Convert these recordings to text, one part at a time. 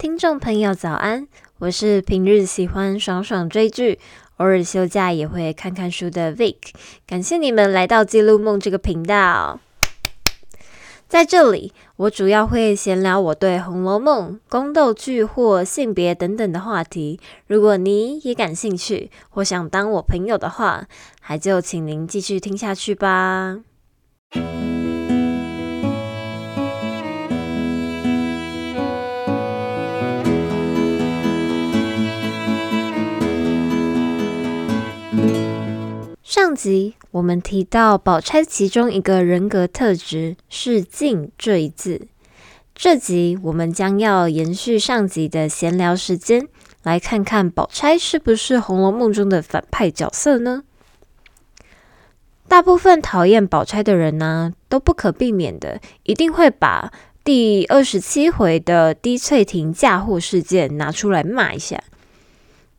聽眾朋友早安，我是平日喜歡爽爽追劇，偶爾休假也會看看書的 Vic。感謝你們來到《記錄夢》這個頻道，在這裡我主要會閒聊我對《紅樓夢》、宮鬥劇或性別等等的話題。如果你也感興趣，或想當我朋友的話，還就請您繼續聽下去吧。上集我們提到寶釵其中一個人格特質是“靜”這一字。這集我們將要延續上集的閒聊時間，來看看寶釵是不是《紅樓夢》中的反派角色呢？大部分討厭寶釵的人呢、啊，都不可避免的一定會把第二十七回的滴翠亭嫁禍事件拿出來罵一下。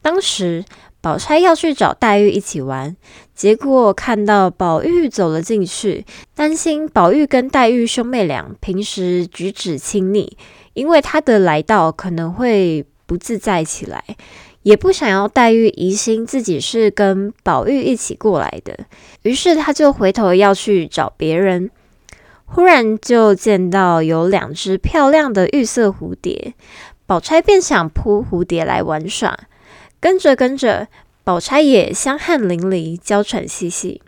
當時，寶釵要去找黛玉一起玩，結果看到寶玉走了進去，擔心寶玉跟黛玉兄妹倆平時舉止親密，因為他的來到可能會不自在起來，也不想要黛玉疑心自己是跟寶玉一起過來的，於是他就回頭要去找別人。忽然就見到有兩隻漂亮的玉色蝴蝶，寶釵便想撲蝴蝶來玩耍。跟着跟着，寶釵也香汗淋漓，嬌喘細細。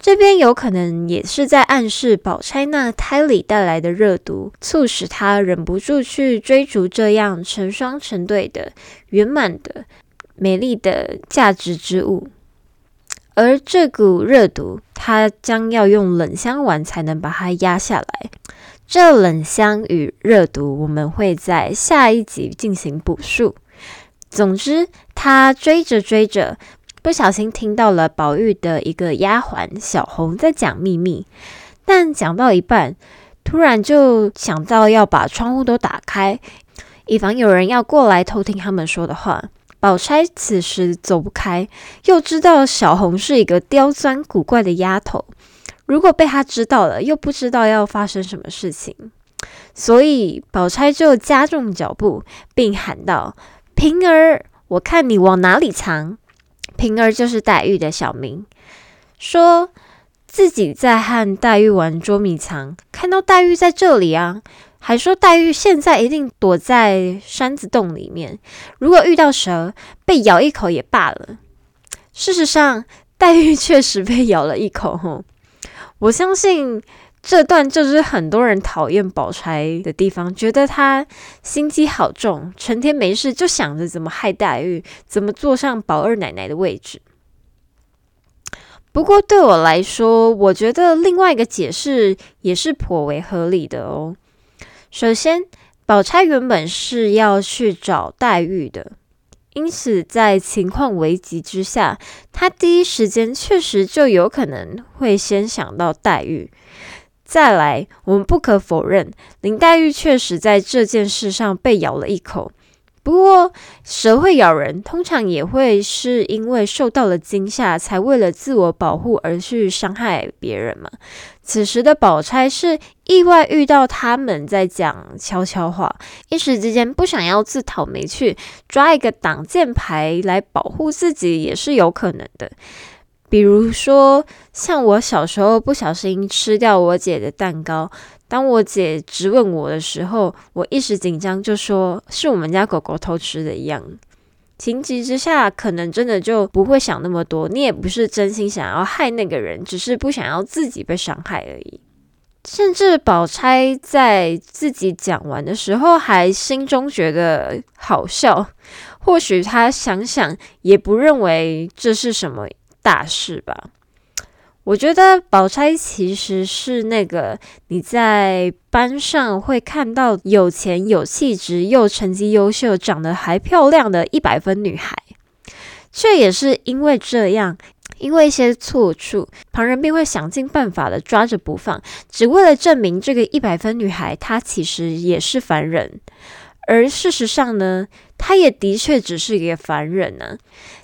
這邊有可能也是在暗示寶釵那胎裡帶來的熱毒，促使她忍不住去追逐這樣成雙成對的、圓滿的、美麗的價值之物。而這股熱毒，她將要用冷香丸才能把它壓下來。這冷香與熱毒，我們會在下一集進行補述。總之，他追着追着，不小心聽到了寶玉的一個丫鬟小紅在講秘密，但講到一半，突然就想到要把窗戶都打開，以防有人要過來偷聽他們說的話。寶釵此時走不開，又知道小紅是一個刁鑽古怪的丫頭，如果被她知道了，又不知道要發生什麼事情，所以寶釵就加重腳步，並喊道：平兒，我看你往哪裡藏？平兒就是黛玉的小名，說自己在和黛玉玩捉迷藏，看到黛玉在這裡啊，還說黛玉現在一定躲在山子洞裡面。如果遇到蛇，被咬一口也罷了。事實上，黛玉確實被咬了一口。我相信。這段就是很多人討厭寶釵的地方，覺得她心機好重，成天沒事就想着怎麼害黛玉，怎麼坐上寶二奶奶的位置。不過對我來說，我覺得另外一個解釋也是頗為合理的哦。首先，寶釵原本是要去找黛玉的，因此在情況危急之下，她第一時間確實就有可能會先想到黛玉。再來，我們不可否認，林黛玉確實在這件事上被咬了一口。不過，蛇會咬人，通常也會是因為受到了驚嚇，才為了自我保護而去傷害別人嘛。此時的寶釵是意外遇到他們在講悄悄話，一時之間不想要自討沒趣，抓一個擋箭牌來保護自己，也是有可能的。比如說，像我小時候不小心吃掉我姐的蛋糕，當我姐質問我的時候，我一時緊張就說是我們家狗狗偷吃的一樣。情急之下，可能真的就不會想那麼多，你也不是真心想要害那個人，只是不想要自己被傷害而已。甚至寶釵在自己講完的時候，還心中覺得好笑，或許他想想也不認為這是什麼大事吧。我覺得寶釵其實是那個你在班上會看到有錢、有氣質、又成績優秀、長得還漂亮的一百分女孩。卻也是因為這樣，因為一些錯處，旁人便會想盡辦法的抓着不放，只為了證明這個一百分女孩她其實也是凡人。而事實上呢，她也的確只是一個凡人呢、啊。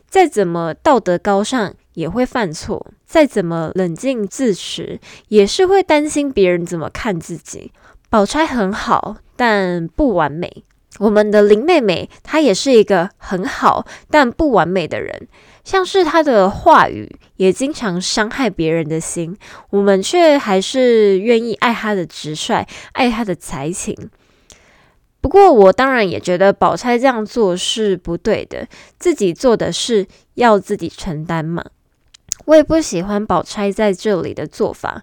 再怎麼道德高尚，也會犯錯，再怎麼冷靜自持，也是會擔心別人怎麼看自己。寶釵很好，但不完美。我們的林妹妹她也是一個很好但不完美的人，像是她的話語也經常傷害別人的心，我們卻還是願意愛她的直率，愛她的才情。不過，我當然也覺得寶釵這樣做是不對的，自己做的事要自己承擔嘛。我也不喜歡寶釵在這裡的做法，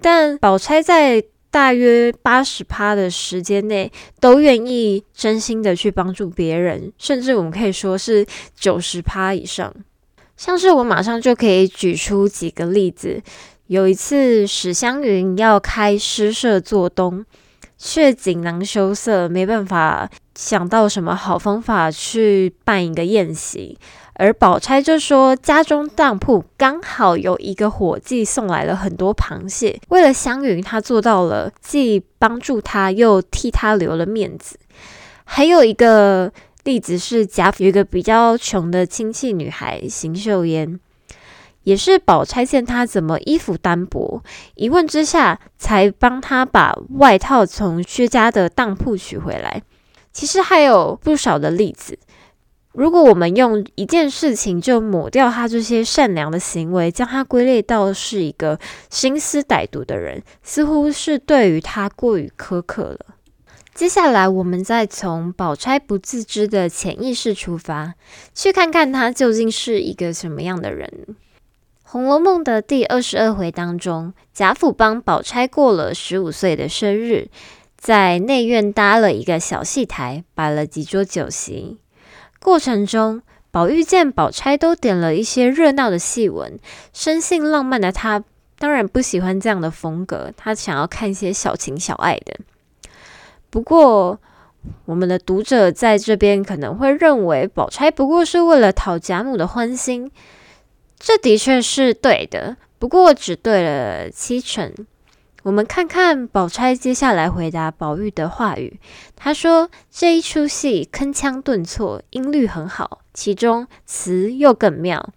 但寶釵在大約八十趴的時間內都願意真心的去幫助別人，甚至我們可以說是九十趴以上。像是我馬上就可以舉出幾個例子，有一次史湘雲要開詩社做東，卻錦囊羞澀，沒辦法想到什麼好方法去辦一個宴席。而寶釵就說，家中當鋪剛好有一個伙計送來了很多螃蟹，為了湘雲，她做到了，既幫助她又替她留了面子。還有一個例子是甲，賈府有一個比較窮的親戚女孩邢岫煙，也是寶釵見她怎麼衣服單薄，一問之下才幫她把外套從薛家的當鋪取回來。其實還有不少的例子。如果我們用一件事情就抹掉他這些善良的行為，將他歸類到是一個心思歹毒的人，似乎是對於他過於苛刻了。接下來，我們再從寶釵不自知的潛意識出發，去看看他究竟是一個什麼樣的人。《紅樓夢》的第二十二回當中，賈府幫寶釵過了十五歲的生日，在內院搭了一個小戲台，擺了幾桌酒席。過程中，寶玉見寶釵都點了一些熱鬧的戲文，生性浪漫的他當然不喜歡這樣的風格。他想要看一些小情小愛的。不過，我們的讀者在這邊可能會認為，寶釵不過是為了討賈母的歡心，這的確是對的。不過，只對了七成。我們看看寶釵接下來回答寶玉的話語。她說：“這一出戲鏗鏘頓挫，音律很好，其中詞又更妙，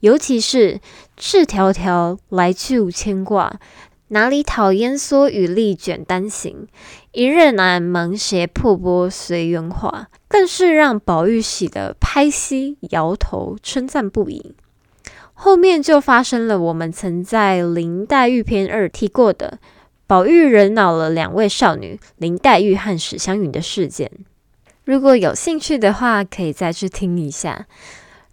尤其是‘赤條條來去無牽掛，哪裡討煙蓑雨笠卷單行？一任俺芒鞋破缽隨緣化’，更是讓寶玉喜得拍膝搖頭，稱讚不已。”後面就發生了我們曾在《林黛玉篇二》提過的寶玉惹惱了兩位少女林黛玉和史湘云的事件。如果有興趣的話，可以再去聽一下。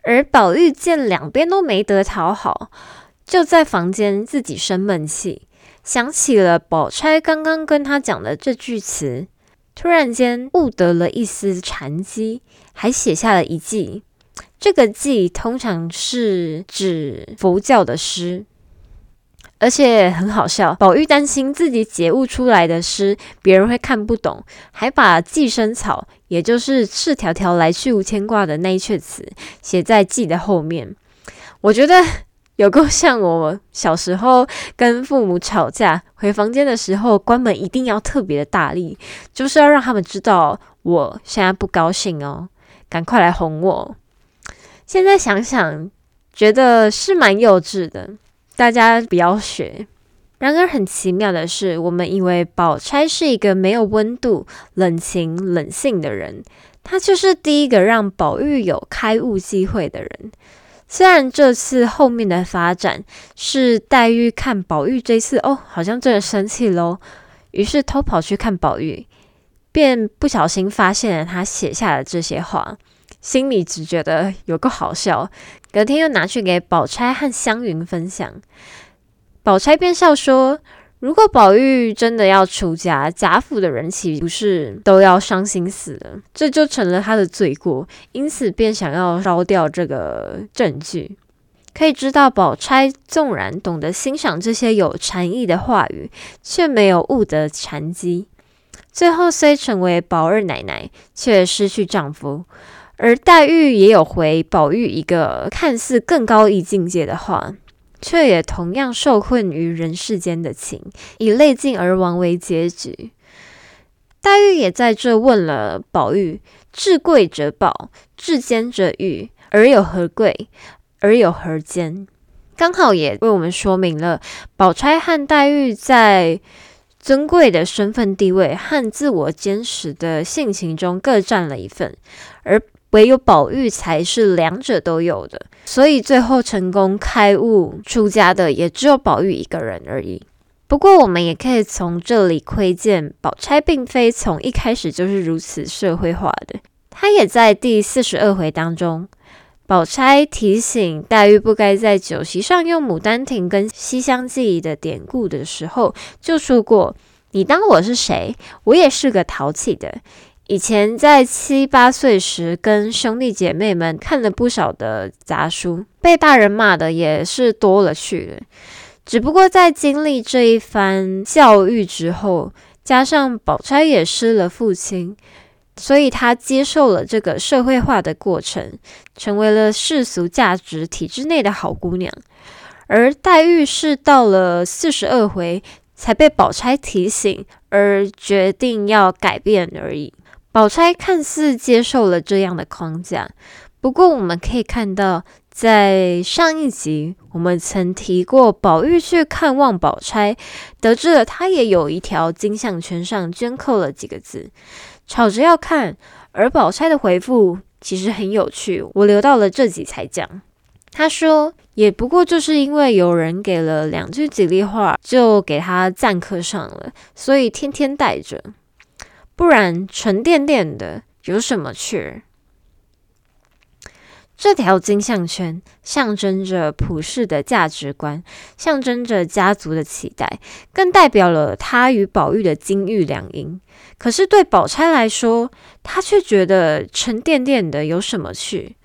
而寶玉見兩邊都沒得討好，就在房間自己生悶氣，想起了寶釵剛剛跟他講的這句詞，突然間悟得了一絲禪機，還寫下了一偈。這個偈通常是指佛教的詩，而且很好笑。寶玉擔心自己解悟出來的詩別人會看不懂，還把《寄生草》，也就是“赤條條來去無牽掛”的那一闕詞寫在偈的後面。我覺得有夠像我小時候跟父母吵架，回房間的時候關門一定要特別的大力，就是要讓他們知道我現在不高興哦，趕快來哄我。現在想想，覺得是蠻幼稚的，大家不要學。然而很奇妙的是，我們以為寶釵是一個沒有溫度、冷情冷性的人，她就是第一個讓寶玉有開悟機會的人。雖然這次後面的發展是黛玉看寶玉，這次哦，好像真的生氣嘍，於是偷跑去看寶玉，便不小心發現了他寫下的這些話。心裡只覺得有個好笑，隔天又拿去給寶釵和湘雲分享。寶釵便笑說：“如果寶玉真的要出家，賈府的人豈不是都要傷心死了？這就成了他的罪過，因此便想要燒掉這個證據。”可以知道，寶釵縱然懂得欣賞這些有禪意的話語，卻沒有悟得禪機。最後雖成為寶二奶奶，卻失去丈夫。而黛玉也有回寶玉一個看似更高一境界的話，卻也同樣受困於人世間的情，以淚盡而亡為結局。黛玉也在這問了寶玉：“至貴者寶，至堅者玉，而有何貴？而有何堅？”剛好也為我們說明了寶釵和黛玉在尊貴的身份地位和自我堅實的性情中各佔了一份，而。唯有寶玉才是兩者都有的，所以最後成功開悟出家的也只有寶玉一個人而已。不過，我們也可以從這裡窺見，寶釵並非從一開始就是如此社會化的。她也在第四十二回當中，寶釵提醒黛玉不該在酒席上用《牡丹亭》跟《西廂記》的典故的時候，就說過：“你當我是誰？我也是個淘氣的。”以前在七八歲時，跟兄弟姐妹們看了不少的雜書，被大人罵的也是多了去了。只不過在經歷這一番教育之後，加上寶釵也失了父親，所以她接受了這個社會化的過程，成為了世俗價值體制內的好姑娘。而黛玉是到了四十二回才被寶釵提醒，而決定要改變而已。寶釵看似接受了這樣的框架，不過我們可以看到，在上一集我們曾提過，寶玉去看望寶釵，得知了他也有一條金項圈上鐫刻了幾個字，吵着要看，而寶釵的回復其實很有趣，我留到了這集才講。他說，也不過就是因為有人給了兩句吉利話，就給他鏨刻上了，所以天天帶着。不然，沉甸甸的有什麼趣兒？這條金項圈象徵着普世的價值觀，象徵着家族的期待，更代表了他與寶玉的金玉良姻。可是對寶釵來說，她卻覺得沉甸甸的有什麼趣？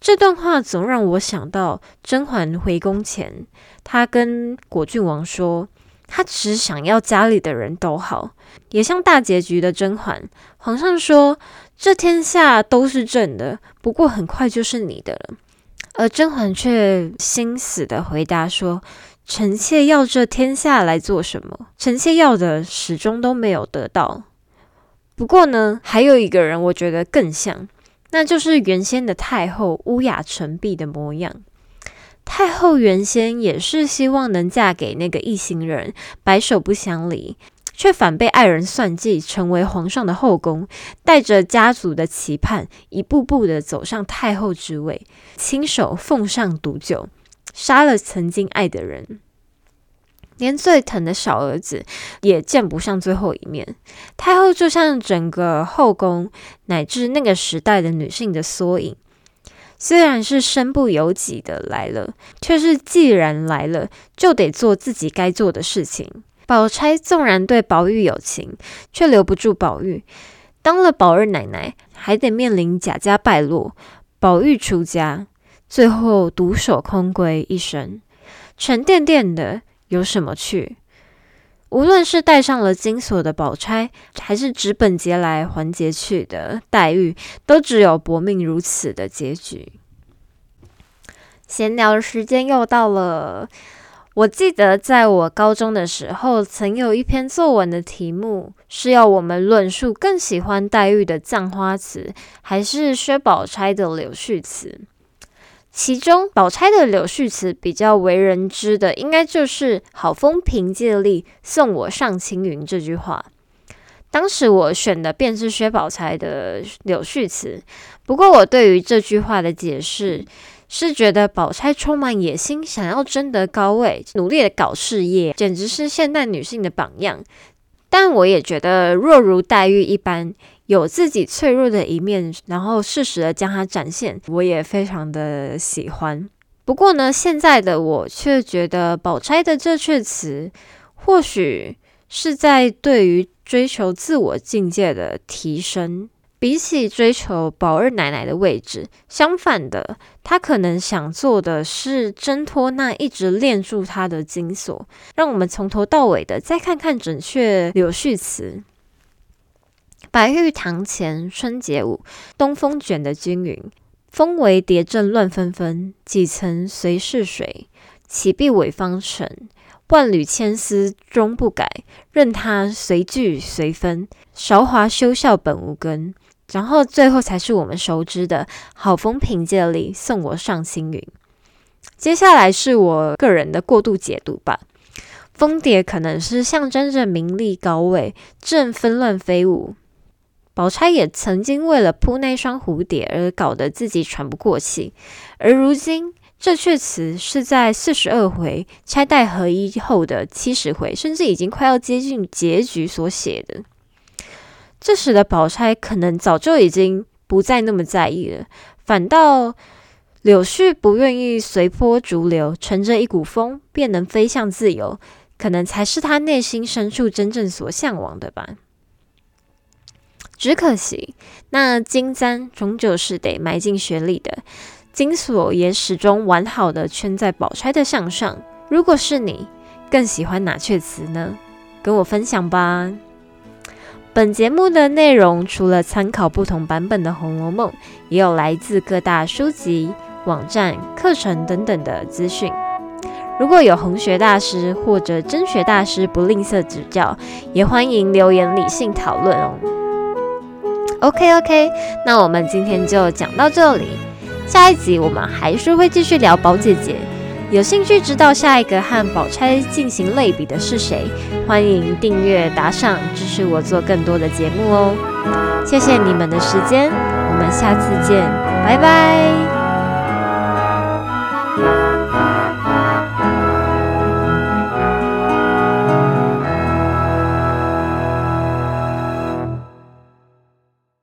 這段話總讓我想到甄嬛回宮前，她跟果郡王說。他只想要家裡的人都好，也像大結局的甄嬛。皇上說：“這天下都是朕的，不過很快就是你的了。”而甄嬛卻心死的回答說：“臣妾要這天下來做什麼？臣妾要的始終都沒有得到。”不過呢，還有一個人，我覺得更像，那就是原先的太后烏雅·成璧的模樣。太后原先也是希望能嫁給那個一心人，白首不相離，卻反被愛人算計，成為皇上的後宮，帶着家族的期盼，一步步的走上太后之位，親手奉上毒酒，殺了曾經愛的人，連最疼的小兒子也見不上最後一面。太後就像整個後宮乃至那個時代的女性的縮影。雖然是身不由己的來了，卻是既然來了，就得做自己該做的事情。寶釵縱然對寶玉有情，卻留不住寶玉。當了寶二奶奶，還得面臨賈家敗落，寶玉出家，最後獨守空閨一生，沉甸甸的有什麼趣？無論是戴上了金鎖的寶釵，還是紙本節來環節去的黛玉，都只有薄命如此的結局。閒聊的時間又到了，我記得在我高中的時候，曾有一篇作文的題目是要我們論述更喜歡黛玉的葬花詞，還是薛寶釵的柳絮詞。其中，寶釵的柳絮詞比較為人知的，應該就是“好風憑借力，送我上青雲”這句話。當時我選的便是薛寶釵的柳絮詞。不過，我對於這句話的解釋是，覺得寶釵充滿野心，想要爭得高位，努力的搞事業，簡直是現代女性的榜樣。但我也覺得，若如黛玉一般。有自己脆弱的一面，然後適時的將它展現，我也非常的喜歡。不過呢，現在的我卻覺得寶釵的這闕詞，或許是在對於追求自我境界的提升，比起追求寶二奶奶的位置。相反的，她可能想做的是掙脫那一直鏈住她的金鎖。讓我們從頭到尾的再看看準確柳絮詞。白玉堂前春解舞，東風卷得均勻。蜂圍蝶陣亂紛紛，幾曾隨逝水，豈必委方成？萬縷千絲終不改，任他隨聚隨分。韶華休笑本無根。然後最後才是我們熟知的“好風憑借力，送我上青雲”。接下來是我個人的過度解讀吧。風蝶可能是象徵着名利高位，正紛亂飛舞。寶釵也曾經為了撲那雙蝴蝶而搞得自己喘不過氣，而如今這闕詞是在四十二回釵黛合一後的七十回，甚至已經快要接近結局所寫的。這時的寶釵可能早就已經不再那麼在意了，反倒柳絮不願意隨波逐流，乘着一股風便能飛向自由，可能才是她內心深處真正所向往的吧。只可惜，那金簪終究是得埋進雪裡的，金鎖也始終完好的圈在寶釵的項上。如果是你，更喜歡哪闕詞呢？跟我分享吧。本節目的內容除了參考不同版本的《紅樓夢》，也有來自各大書籍、網站、課程等等的資訊。如果有紅學大師或者甄學大師不吝嗇指教，也歡迎留言理性討論哦。OK OK，那我們今天就講到這裡。下一集我們還是會繼續聊寶姐姐。有興趣知道下一個和寶釵進行類比的是誰？歡迎訂閱、打賞，支持我做更多的節目哦。謝謝你們的時間，我們下次見，拜拜。